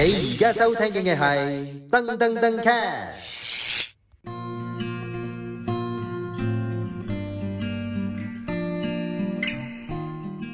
你而家收聽緊嘅係噔噔噔 cast，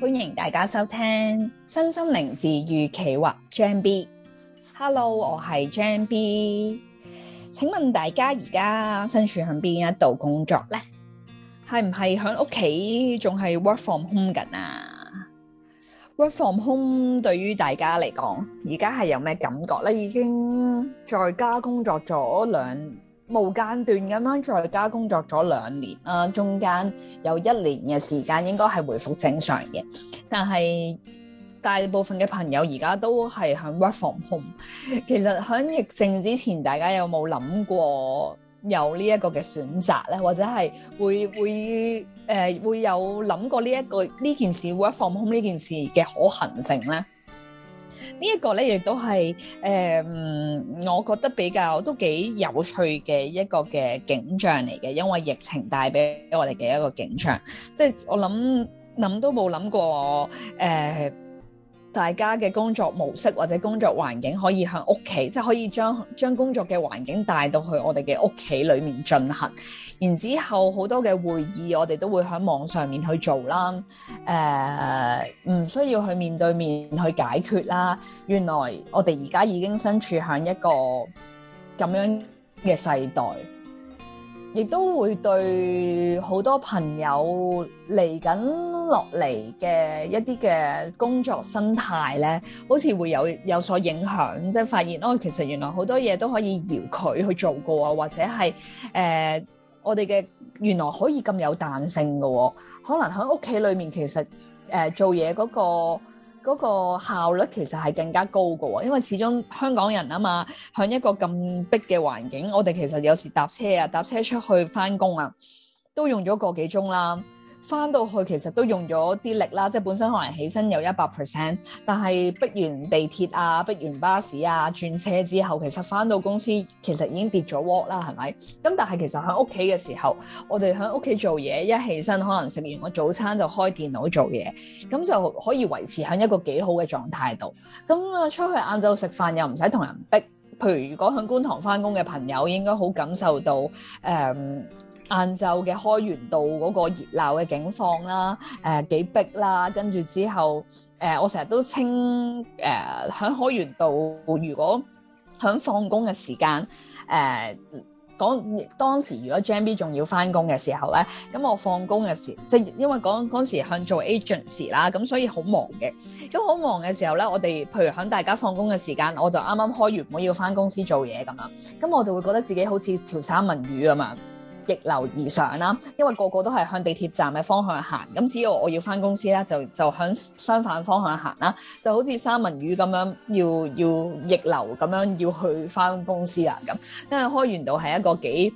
歡迎大家收聽身心靈治愈企劃 Jam B。Hello，我係 Jam B，請問大家而家身處響邊一度工作咧？係唔係響屋企？仲係 work from home 緊啊？Work from home 對於大家嚟講，而家係有咩感覺咧？已經在家工作咗兩，無間斷咁樣在家工作咗兩年啦，呃，中間有一年嘅時間應該係回復正常嘅。但係大部分嘅朋友而家都係響 work from home。其實響疫症之前，大家有冇諗過有呢一個嘅選擇咧？或者係會會？會呃，會有想過這個，這件事，Work from Home 呢件事嘅可行性呢？呢一個呢亦都係，呃，我覺得比較，大家嘅工作模式或者工作環境可以向屋企，即係可以將將工作嘅環境帶到去我哋嘅屋企裏面進行。然之後好多嘅會議我哋都會響網上面去做啦。誒，唔需要去面對面去解決啦。原來我哋而家已經身處響一個咁樣嘅世代。亦都會對好多朋友嚟緊落嚟嘅一啲嘅工作生態咧，好似會有有所影響，即係發現咯、哦，其實原來好多嘢都可以遙距去做過啊，或者係誒、呃、我哋嘅原來可以咁有彈性嘅，可能喺屋企裏面其實誒、呃、做嘢嗰、那個。嗰個效率其實係更加高嘅喎，因為始終香港人啊嘛，喺一個咁逼嘅環境，我哋其實有時搭車啊，搭車出去返工啊，都用咗個幾鐘啦。翻到去其實都用咗啲力啦，即係本身可能起身有一百 percent，但係逼完地鐵啊、逼完巴士啊、轉車之後，其實翻到公司其實已經跌咗鑊啦，係咪？咁但係其實喺屋企嘅時候，我哋喺屋企做嘢，一起身可能食完個早餐就開電腦做嘢，咁就可以維持喺一個幾好嘅狀態度。咁啊，出去晏晝食飯又唔使同人逼。譬如如果喺觀塘翻工嘅朋友，應該好感受到誒。嗯晏晝嘅開源道嗰個熱鬧嘅景況啦，誒幾逼啦，跟住之後誒、呃，我成日都稱誒喺開源道。如果喺放工嘅時間誒講、呃、當時，如果 Jammy 仲要翻工嘅時候咧，咁我放工嘅時即係因為講嗰時向做 agency 啦，咁所以好忙嘅。咁好忙嘅時候咧，我哋譬如喺大家放工嘅時間，我就啱啱開完，唔好要翻公司做嘢咁樣。咁我就會覺得自己好似條三文魚咁樣。逆流而上啦，因為個個都係向地鐵站嘅方向行，咁只要我要翻公司啦，就就向相反方向行啦，就好似三文魚咁樣，要要逆流咁樣要去翻公司啊咁，因為開源道係一個幾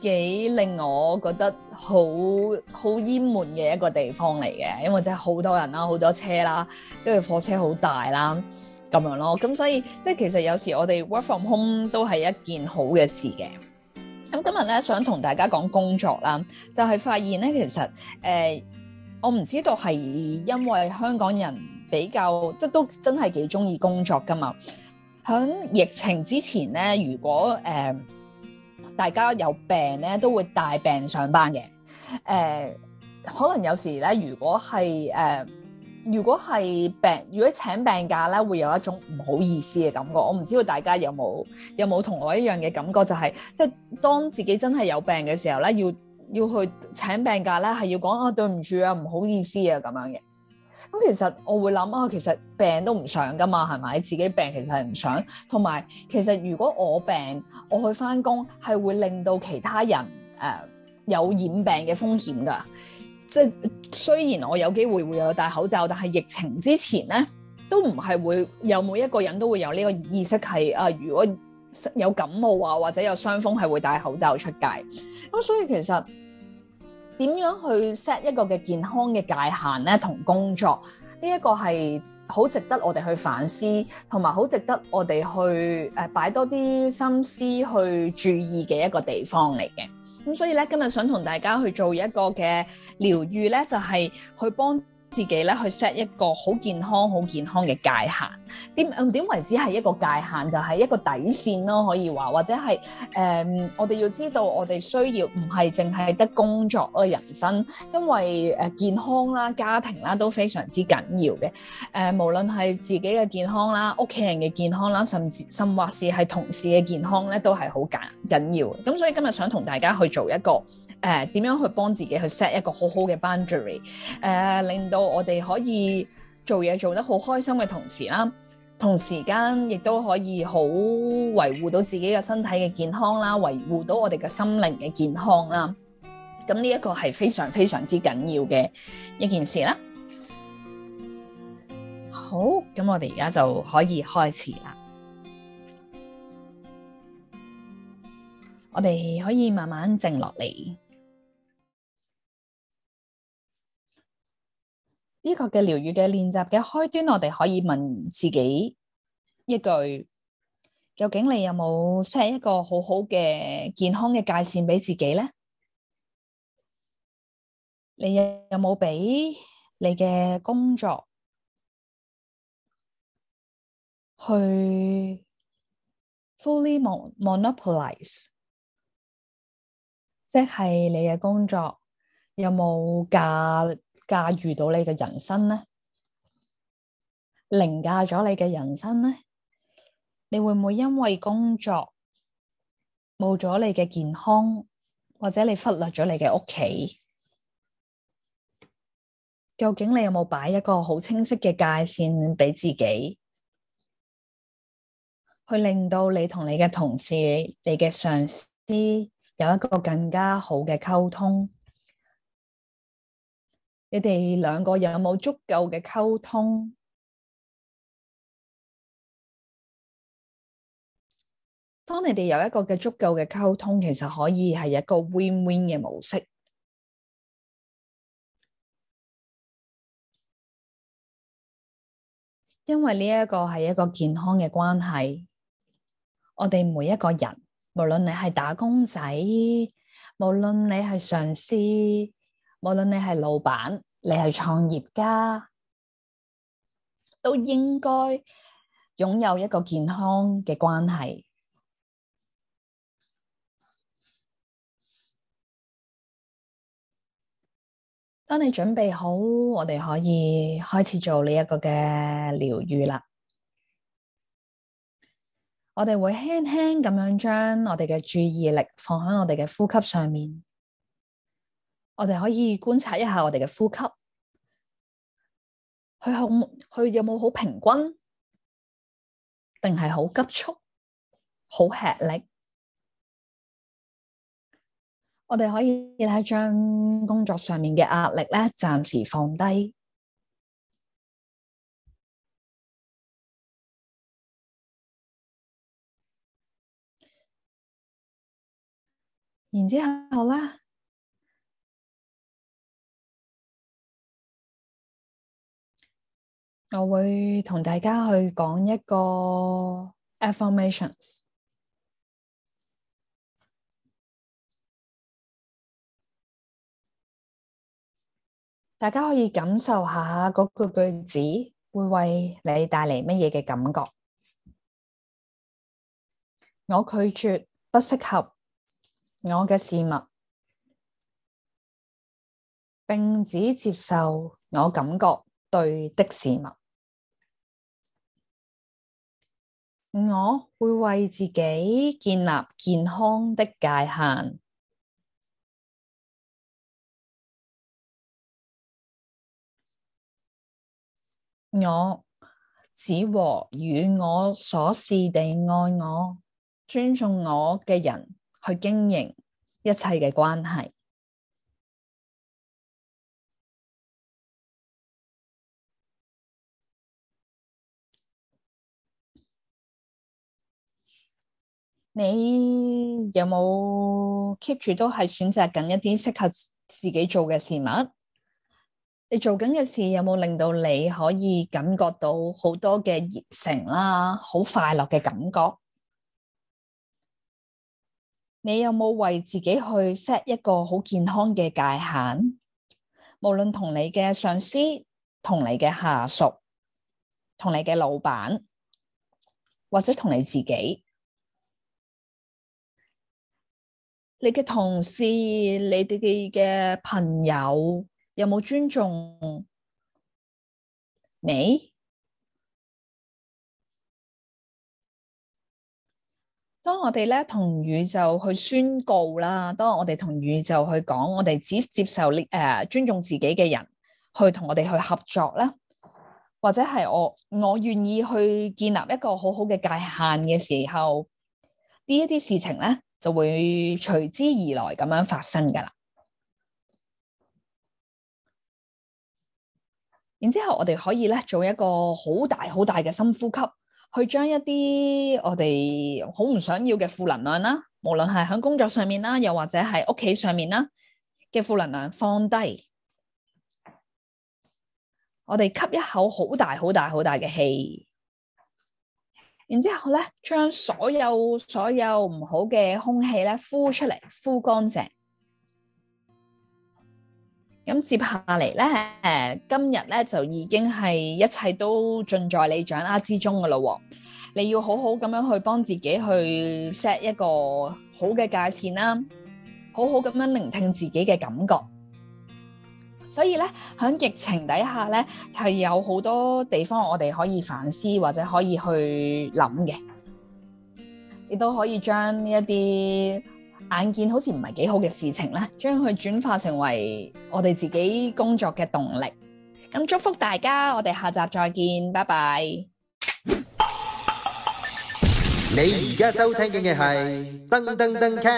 幾令我覺得好好厭悶嘅一個地方嚟嘅，因為真係好多人啦，好多車啦，因為貨車好大啦，咁樣咯，咁所以即係其實有時我哋 work from home 都係一件好嘅事嘅。咁今日咧想同大家講工作啦，就係、是、發現咧，其實、呃、我唔知道係因為香港人比較，即都真係幾鍾意工作噶嘛。響疫情之前咧，如果、呃、大家有病咧，都會帶病上班嘅、呃。可能有時咧，如果係如果係病，如果請病假咧，會有一種唔好意思嘅感覺。我唔知道大家有冇有冇同我一樣嘅感覺，就係即係當自己真係有病嘅時候咧，要要去請病假咧，係要講啊對唔住啊，唔好意思啊咁樣嘅。咁其實我會諗啊，其實病都唔想噶嘛，係咪？自己病其實係唔想。同埋其實如果我病，我去翻工係會令到其他人、呃、有染病嘅風險㗎。即係雖然我有機會會有戴口罩，但係疫情之前咧，都唔係會有每一個人都會有呢個意識係啊。如果有感冒啊或者有傷風，係會戴口罩出街。咁所以其實點樣去 set 一個嘅健康嘅界限咧，同工作呢一、這個係好值得我哋去反思，同埋好值得我哋去誒擺、啊、多啲心思去注意嘅一個地方嚟嘅。咁所以咧，今日想同大家去做一個嘅療愈咧，就係去幫自己咧去 set 一個好健康、好健康嘅界限，點點為止係一個界限，就係、是、一個底線咯，可以話或者係誒、嗯、我哋要知道我哋需要唔係淨係得工作咯，人生，因為誒健康啦、家庭啦都非常之緊要嘅。誒、呃、無論係自己嘅健康啦、屋企人嘅健康啦，甚至甚或是係同事嘅健康咧，都係好緊緊要嘅。咁所以今日想同大家去做一個。誒、呃，點樣去幫自己去 set 一個好好嘅 boundary？誒，令到我哋可以做嘢做得好開心嘅同時啦，同時間亦都可以好維護到自己嘅身體嘅健康啦，維護到我哋嘅心靈嘅健康啦。咁呢一個係非常非常之緊要嘅一件事啦。好，咁我哋而家就可以開始啦。我哋可以慢慢靜落嚟。呢、這個嘅療愈嘅練習嘅開端，我哋可以問自己一句：究竟你有冇 set 一個很好好嘅健康嘅界線俾自己咧？你有冇俾你嘅工作去 fully monopolize？即係你嘅工作有冇價？駕馭到你嘅人生呢？凌駕咗你嘅人生呢？你會唔會因為工作冇咗你嘅健康，或者你忽略咗你嘅屋企？究竟你有冇擺一個好清晰嘅界線俾自己，去令到你同你嘅同事、你嘅上司有一個更加好嘅溝通？你哋兩個人有冇足夠嘅溝通？當你哋有一個嘅足夠嘅溝通，其實可以係一個 win-win 嘅模式，因為呢一個係一個健康嘅關係。我哋每一個人，無論你係打工仔，無論你係上司。無論你係老闆，你係創業家，都應該擁有一個健康嘅關係。當你準備好，我哋可以開始做呢一個嘅療癒啦。我哋會輕輕咁樣將我哋嘅注意力放喺我哋嘅呼吸上面。我哋可以觀察一下我哋嘅呼吸，佢有冇好平均，定係好急促，好吃力？我哋可以睇將工作上面嘅壓力咧，暫時放低，然之後啦。我會同大家去講一個 affirmations，大家可以感受下嗰個句子會為你帶嚟乜嘢嘅感覺。我拒絕不適合我嘅事物，並只接受我感覺，對的事物，我會為自己建立健康的界限。我只和與我所示地愛我、尊重我嘅人去經營一切嘅關係。你有冇 keep 住都係選擇緊一啲適合自己做嘅事物？你做緊嘅事有冇令到你可以感覺到好多嘅熱誠啦，好快樂嘅感覺？你有冇為自己去 set 一個好健康嘅界限？無論同你嘅上司、同你嘅下屬、同你嘅老闆，或者同你自己。你嘅同事、你哋嘅朋友有冇尊重你？當我哋咧同宇宙去宣告啦，當我哋同宇宙去講，我哋只接受呢誒、呃、尊重自己嘅人去同我哋去合作啦，或者係我我願意去建立一個好好嘅界限嘅時候，呢一啲事情咧。就會隨之而來咁樣發生㗎喇。然之後我哋可以呢做一個好大好大嘅深呼吸，去將一啲我哋好唔想要嘅負能量啦，無論係喺工作上面啦，又或者係屋企上面啦嘅負能量放低。我哋吸一口好大好大好大嘅氣。然之後咧，將所有所有唔好嘅空氣咧，呼出嚟，呼乾淨。咁接下嚟咧，誒，今日咧就已經係一切都盡在你掌握之中噶啦。你要好好咁樣去幫自己去 set 一個好嘅界線啦，好好咁樣聆聽自己嘅感覺。所以咧，喺疫情底下咧，係有好多地方我哋可以反思或者可以去諗嘅，亦都可以將呢一啲眼見好似唔係幾好嘅事情咧，將佢轉化成為我哋自己工作嘅動力。咁祝福大家，我哋下集再見，拜拜。你而家收聽緊嘅係噔噔噔卡。